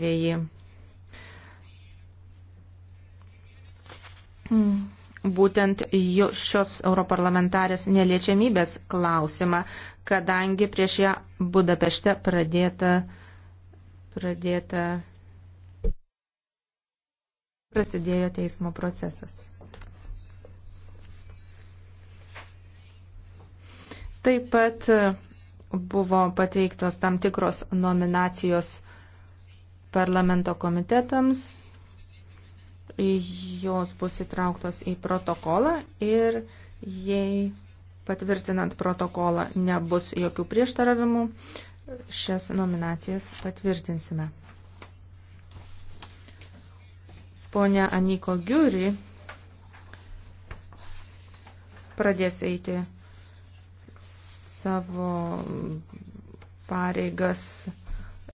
atvejį. Būtent šios europarlamentarės neliečiamybės klausimą, kadangi prieš ją Budapešte pradėta, pradėta prasidėjo teismo procesas. Taip pat buvo pateiktos tam tikros nominacijos parlamento komitetams. Jos bus įtrauktos į protokolą ir jei patvirtinant protokolą nebus jokių prieštaravimų, šias nominacijas patvirtinsime. Pone Aniko Giuri pradės eiti savo pareigas